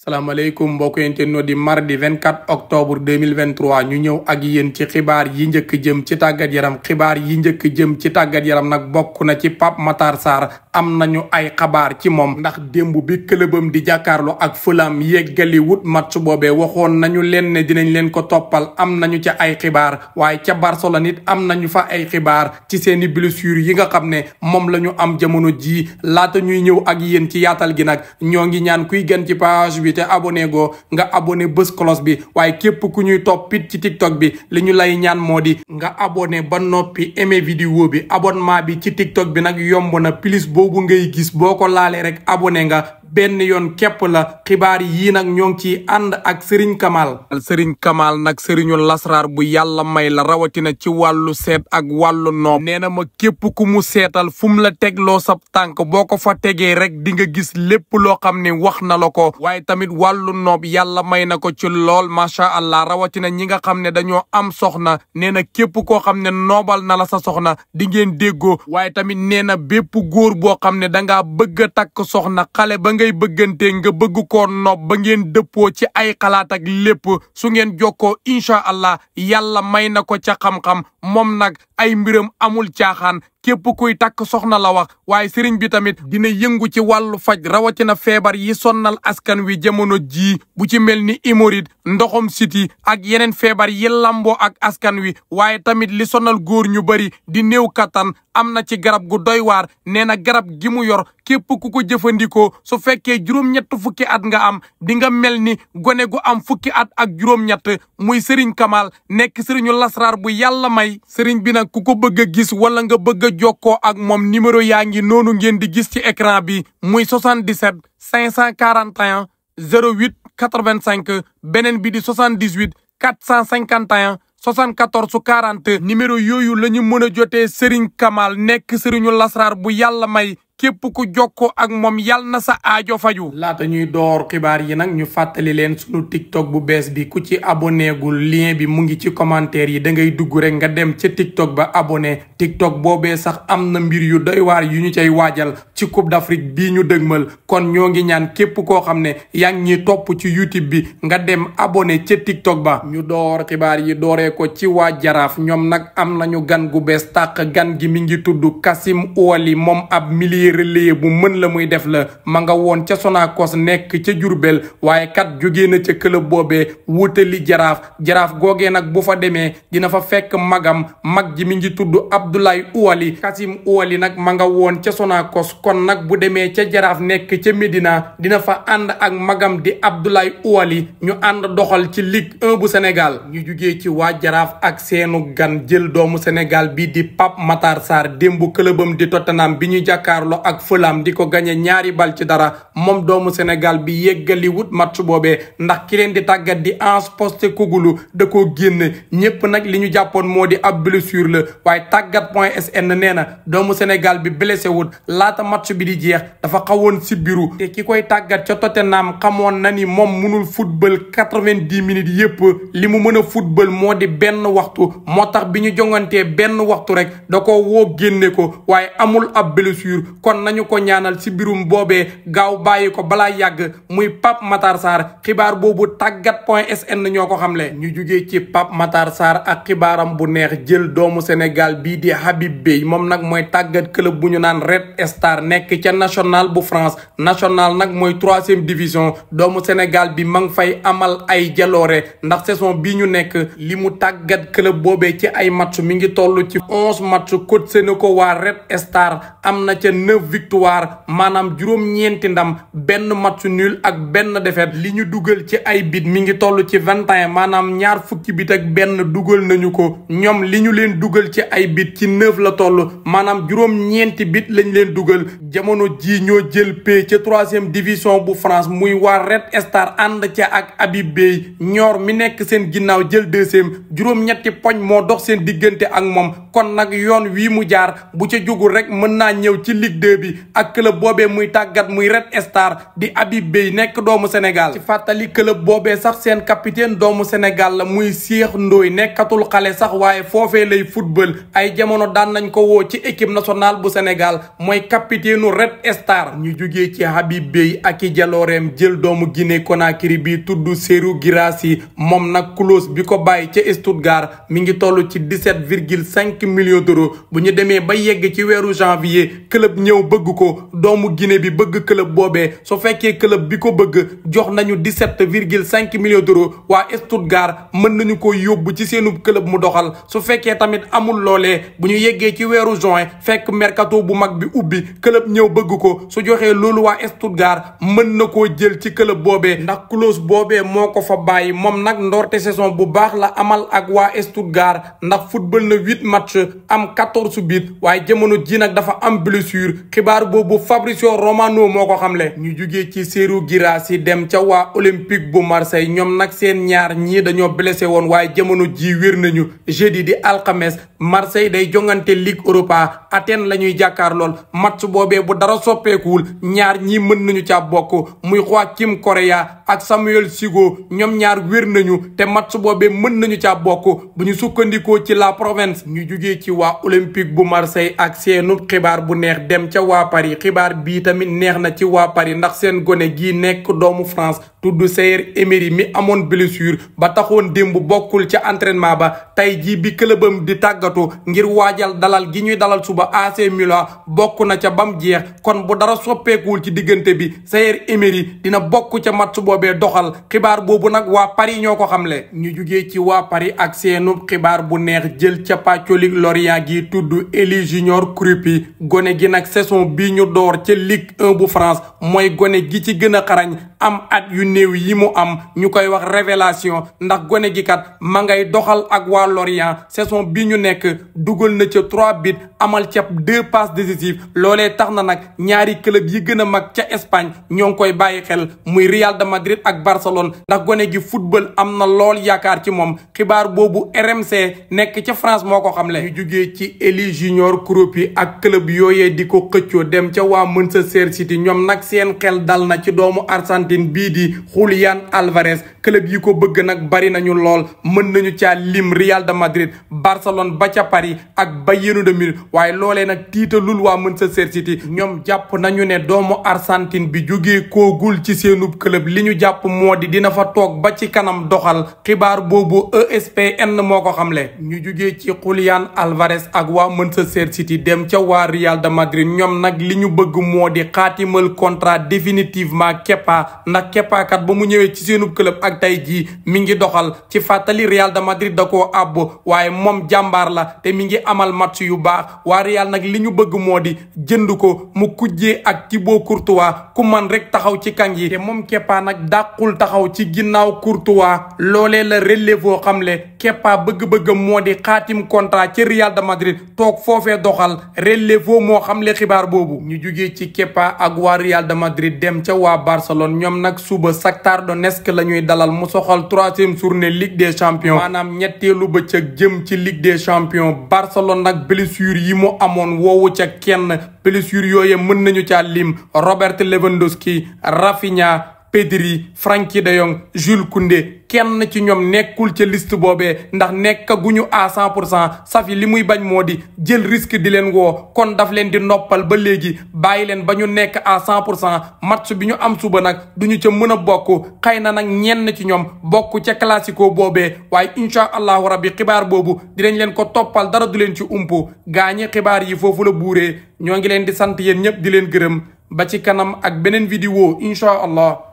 salaamaaleykum mbokk internet di mardi 24 octobre 2023 ñu ñëw ak yéen ci xibaar yi njëkk jëm ci tàggat yaram xibaar yi njëkk jëm ci tàggat yaram nag bokk na ci Pape Matar Sarr am nañu ay xabaar ci moom ndax démb bi këlëbam di jàkkaarloo ak Fulham yeggali wut boobee waxoon nañu leen ne dinañ leen ko toppal am nañu ca ay xibaar waaye ca Barcelone it am nañu fa ay xibaar ci seeni blessure yi nga xam ne moom la ñu am jamono ji laata ñuy ñëw ak yéen ci yaatal gi nag ñoo ngi ñaan kuy gën ci page bi bi te abonné goo nga abonné bés cloche bi waaye képp ku ñuy toppit it ci tiktok bi li ñu lay ñaan moo di nga abonné ba noppi aimé vidéo bi abonnement bi ci tiktok bi nag yomb na plus boobu ngay gis boo ko laalee rek abonné nga benn yoon képp la xibaar yii nag ñoo ngi ciy ànd ak sëriñ Kamal. Serigne Kamal nag Serigne lasraar bu yàlla may la rawatina ci wàllu seet ak wàllu noob nee na ma képp ku mu seetal fum la tegloo sab tànk boo ko fa tegee rek di nga gis lépp loo xam ne wax na la ko waaye tamit wàllu noob yàlla may na ko ci lool macha allah rawatina ñi nga xam ne dañoo am soxna nee na képp koo xam ne noobal na la sa soxna dingeen ngeen déggoo waaye tamit nee bépp góor boo xam ne dangaa ngay bëggante nga bëgg koo nopp ba ngeen dëppoo ci ay xalaat ak lépp su ngeen jokkoo incha allah yàlla may na ko ca xam-xam moom nag ay mbiram amul caaxaan képp kuy takk soxna la wax waaye sëriñ bi tamit dina yëngu ci wàllu faj rawatina feebar yi sonnal askan wi jamono jii bu ci mel ni hémorroïde ndoxum siti ak yeneen feebar yi lamboo ak askan wi waaye tamit li sonal góor ñu bëri di néew kattan am na ci garab gu doywaar waar nee na garab gi mu yor képp ku ko jëfandikoo su fekkee juróom-ñett fukki at nga am di nga mel ni gone gu am fukki at ak juróom-ñett muy sëriñ Kamal nekk sëriñu lasraar bu yàlla may sëriñ bi nag ku ko bëgg a gis wala nga bëgg a jokkoo ak moom numéro yaa ngi noonu ngeen di gis ci écran bi muy 77 541 08 85 beneen bi di 78 451 74 40 numéro yooyu la ñu mën a jote Serigne Kamal nekk Serigne Lasrar bu yàlla may képp ku jokkoo ak moom yal na sa ajo faju laata ñuy door xibaar yi nag ñu fàttali leen sunu tiktok bu bees bi ku ci abonné lien bi mu ngi ci commentaire yi da ngay dugg rek nga dem ca tiktok ba abonne tiktok boobee sax am na mbir yu doy waar yu ñu cay waajal ci coupe d'Afrique bii ñu dëgmal kon ñoo ngi ñaan képp koo xam ne yaa ngi ñuy topp ci youtube bi nga dem abonné ca tiktok ba. ñu door xibaar yi dooree ko ci waa jaraaf ñoom nag am nañu gan gu bees tàq gan gi mi ngi tudd Kassim Ouali moom ab milieu relais relais bu mën la muy def la ma nga woon ca Sonacos nekk ca Jurbel waaye kat jógee na ca club boobee wutali jaraaf jaraaf googee nag bu fa demee dina fa fekk magam mag ji mi ngi tudd Abdoulaye Oualy Kassim Oualy nag ma nga woon ca Sonacos kon nag bu demee ca jaraaf nekk ca Médina dina fa ànd ak magam di Abdoulaye Oualy ñu ànd doxal ci Ligue 1 bu Sénégal ñu jugee ci waa jaraaf ak seenu gan jël doomu Sénégal bi di Pape Matar Sarr démb clubam di Tottenham ak Fulham di ko gañee ñaari bal ci dara moom doomu Sénégal bi yéggali wut match boobee ndax ki leen di tàggat di Ange Postecoglou da koo génn ñépp nag li ñu jàppoon moo di ab blessure la waaye tàggat point sn nee na doomu Sénégal bi blessé wut laata match bi di jeex dafa xawoon sibbiru te ki koy tàggat ca Tottenham xamoon na ni moom mënul football quatre-vingt-dix minutes yépp li mu mën a football moo di benn waxtu moo tax bi ñu jongantee benn waxtu rek da ko woo génne ko waaye amul ab blessure kon nañu ko ñaanal si birum boobee gaaw bàyyi ko balaa yàgg muy Pape Matar xibaar boobu tàggat point sn ñoo ko xamle ñu jógee ci Pape Matar Sarr ak xibaaram bu neex jël doomu Sénégal bii di Habib Beye moom nag mooy tàggat club bu ñu naan Red Star nekk ca national bu France national nag mooy troisième division doomu Sénégal bi mag fay amal ay jaloore ndax saison bii ñu nekk li mu tàggat club boobee ci ay match mi ngi toll ci onze match coach Sénégal waa Red Star am na ca neuf victoire maanaam juróom-ñeenti ndam benn match nul ak benn défaite li ñu dugal ci ay bit mi ngi toll ci vingt et maanaam ñaar fukki bit ak benn dugal nañu ko ñoom li ñu leen dugal ci ay bit ci neuf la toll maanaam juróom-ñeenti bit lañ leen dugal jamono jii ñoo jël p ca troisième division bu France muy waar Red Star ànd ca ak Habib Beye ñoor mi nekk seen ginnaaw jël deuxième juróom-ñetti poñ moo dox seen diggante ak moom kon nag yoon wii mu jaar bu ca jógul 2 bi ak club boobee muy tàggat muy Red Star di Habib Beye nekk doomu Sénégal ci fàttali club boobee sax seen capitaine doomu Sénégal la muy Cheikh Ndoye nekkatul xale sax waaye foofee lay football ay jamono daan nañ ko woo ci équipe nationale bu Sénégal mooy capitaine u Red Star ñu jugee ci Habib Beye ak i jalooreem jël doomu Guinée Conakry bi tudd Serhou Guirassy moom nag clause bi ko bàyyi ca Stuttgart mi ngi toll ci dix-sept virgule cinq millions d'euros bu demee ba yegg ci weeru ñëw bëgg ko doomu Guinée bi bëgg club boobee su fekkee club bi ko bëgg jox nañu dix-sept virgule cinq millions d'euros waa Stuttgart mën nañu ko yóbbu ci seenub club mu doxal su fekkee tamit amul loolee bu ñu yeggee ci weeru join fekk mercato bu mag bi ubbi club ñëw bëgg ko su joxee loolu waa Stuttgart mën na ko jël ci club boobee ndax clause boobee moo ko fa bàyyi moom nag ndoorte saison bu baax la amal ak waa Stuttgart ndax football na huit match am quatorze but waaye jamono ji nag dafa am blessure xibaar boobu Fabrizio Romano moo ko xamle ñu jugee ci Serhou Guirassy dem ca waa Olympique bu Marseille ñoom nag seen ñaar ñii dañoo blessé woon waaye jamono ji wér nañu jeudi di alxemes Marseille day jongante Ligue Europa Athènes la ñuy jàkkaar lool match boobee bu dara soppeekul ñaar ñii mën nañu ca bokk muy Joaquim Correa ak Samuel Sigo ñoom ñaar wér nañu te match boobee mën nañu ca bokk bu ñu sukkandikoo ci la province ñu jugee ci waa Olympique bu Marseille ak seenu xibaar bu neex ca waa Paris xibaar bii tamit neex na ci waa Paris ndax seen gone gii nekk doomu France tudd Sayer Emery mi amoon blessure ba taxoon démb bokkul ca entraînement ba tey jii bi clubam di tàggatu ngir waajal dalal gi ñuy dalal suba AC Milan bokk na ca bam jeex kon bu dara soppeekuwul ci diggante bi Sayer Emery dina bokk ca match boobee doxal xibaar boobu nag waa Paris ñoo ko xam xamle ñu jugee ci waa Paris ak seenub xibaar bu neex jël ca Pacolic Lorient gi tudd Eli Junior saison bi ñu door ca Ligue 1 bu France mooy gone gi ci gën a xarañ am at yu néew yi mu am ñu koy wax révélation ndax gone gi kat ma ngay doxal ak waa saison bi ñu nekk dugal na ca trois buts amal ca deux passes décisives loole tax na nag ñaari club yi gën a mag ca Espagne ñoo ngi koy bàyyi xel muy Real de Madrid ak Barcelone ndax gone gi football am na lool yaakaar ci moom xibaar boobu RMC nekk ca France moo ko xam ñu jugee ci Elie Junior Kroupi xëccoo dem ca waa Manchester City ñoom nag seen xel dal na ci doomu Argentine bii di Julián Álvarez club yi ko bëgg nag bari nañu lool mën nañu ca lim Real de Madrid Barcelone ba ca Paris ak Bayern de Munich waaye loolee nag tiitalul waa sa City ñoom jàpp nañu ne doomu Argentine bi jógee koogul ci seenub club liñu ñu jàpp moo di dina fa toog ba ci kanam doxal xibaar boobu ESPN moo ko xamle ñu jógee ci Julián Álvarez ak waa Manchester City dem ñoom nag li ñu bëgg moo di xaatimal contrat définitivement Kepa ndax Kepa kat ba mu ñëwee ci seenu club ak tey jii mi ngi doxal ci fàttali Real de Madrid da koo àbb waaye moom jàmbaar la te mi ngi amal match yu baax waa Real nag li ñu bëgg moo di jënd ko mu kujjee ak Thibaut Courtois ku man rek taxaw ci kang yi te moom Kepa nag dàqul taxaw ci ginnaaw Courtois loole la relève boo le Kepa bëgg-bëggam moo di xaatim contrat ci Real de Madrid toog foofee doxal Relevo moo xamle xibaar boobu ñu jugee ci keppa ak waa Real de Madrid dem ca waa Barcelone ñoom nag suba Shakhtar Donetsk la ñuy dalal mu soxal troisième journée Ligue des Champions maanaam ñetteelu bëccëg jëm ci Ligue des Champions Barcelone nag blessure yi mu amoon woowu ca kenn blessure yooye mën nañu caa lim Robert Lewandowski Rafinha Pedri Frenkie de Jong Jules Koundé kenn ci ñoom nekkul ci liste boobee ndax nekkaguñu à cent pour cent Xavi li muy bañ moo di jël risque di leen woo kon daf leen di noppal ba léegi bàyyi leen ba ñu nekk à cent pour cent match bi ñu am suba nag duñu ca mën a bokk xëy na nag ñenn ci ñoom bokk ca classico boobee waaye incha allahu rabbi xibaar boobu dinañ leen ko toppal dara du leen ci umpu gaañi xibaar yi foofu la buuree ñoo ngi leen di sant yéen ñëpp di leen gërëm ba ci kanam ak beneen vidéo incha allah